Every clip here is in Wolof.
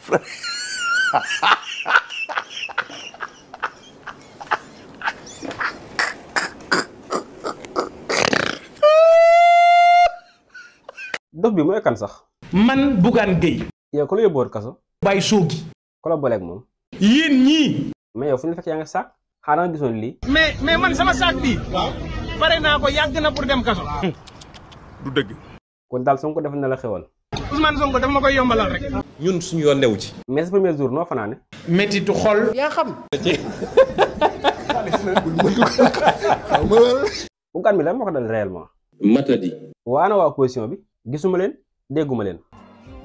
dof bi mooy ya kan sax. man Bougane Gueye. Ya ku la ya yóbbu woon kaso. bàyyi soo gi. ku la booleeg moom. yéen ñii. mais yow fu ñu fekk yaa ngi saak. xaaral nga gisoon lii. man sama saak bi waaw pare naa ko yàgg na pour dem kaso. Hmm. du dëgg. kon daal Sonko def na la xewal. Ousmane Sonko dafa ma koy yombalal rek. ñun suñu yoon newu ci. mais sa premier jour noo fanaane. méttiitu xol. yaa xam. Bougane bi la moo ko dal réellement. matadi. waana waa opposition bi gisuma leen dégguma leen.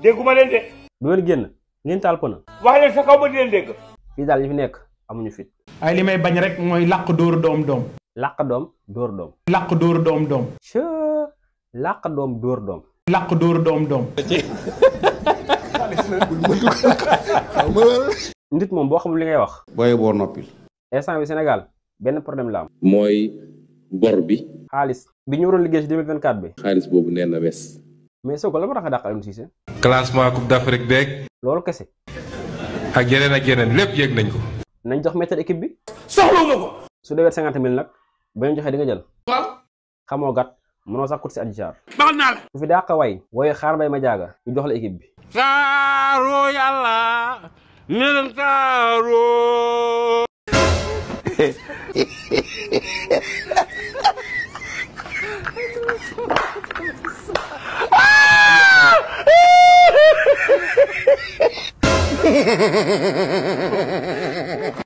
dégguma leen de. du leen génn ngeen taal pëna. wax leen sa kaw ba di leen dégg. fii daal yi fi nekk amuñu fit. ay li may bañ rek mooy làq dóor doom doom. làq doom dóor doom. làq dóor doom doom. làq doom dóor doom. laq dóor dom. doom nit moom boo xamul li ngay wax booyee boo noppil instant bi Sénégal benn problème la am mooy bor bi xaalis bi ñu waroon liggéey ci 2024 bi xaalis boobu nee na mais soo la ma tax a dàqal classement coupe d'Afrique beeg loolu kese ak yeneen ak yeneen lépp yéeg nañ ko nañ jox équipe bi ko su di nga jël mënoo sax course at jaar baxal naa la ku fi dàq way wooyu xaar bay ma jaaga ñu jox la équipe bi saaro yàlla ne saaro